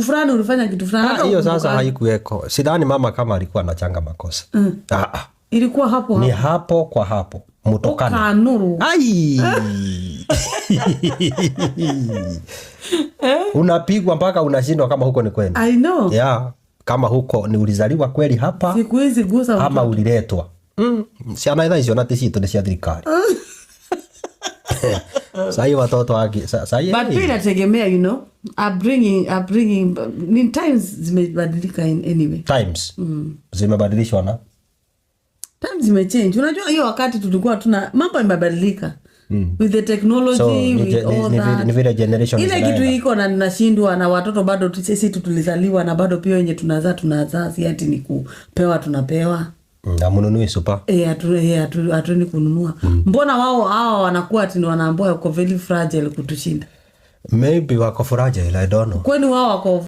siku fulani ulifanya kitu fulani. Ah, hiyo sasa haikuweko. Sidhani mama kama alikuwa anachanga makosa. Mm. Ah, ah. ilikuwa hapo hapo. Ni hapo kwa hapo. Mutokana. Kanuru. Ai. Eh? Unapigwa mpaka unashindwa kama huko ni kweli. I know. Yeah. Kama huko ni ulizaliwa kweli hapa. Siku hizi gusa. Ama uliletwa. Mm. Ciana itha icio na ti thirikari eh sahii watoto wake you know upbringing upbringing times zimebadilika anyway times mm. zimebadilishwa na zimechange unajua hiyo wakati tulikuwa tuna mambo yamebadilika mm. ile kitu iko na na watoto bado sisi tulizaliwa na bado pia wenye tunazaa tunazaa si ati ni kupewa tunapewa mm. amununui supa e, eh, eh, hatuendi atu, atu kununua mm. mbona wao hawa wanakuwa tini wanaambua uko very fragile kutushinda maybe wako fragile i don't know kwani wao wako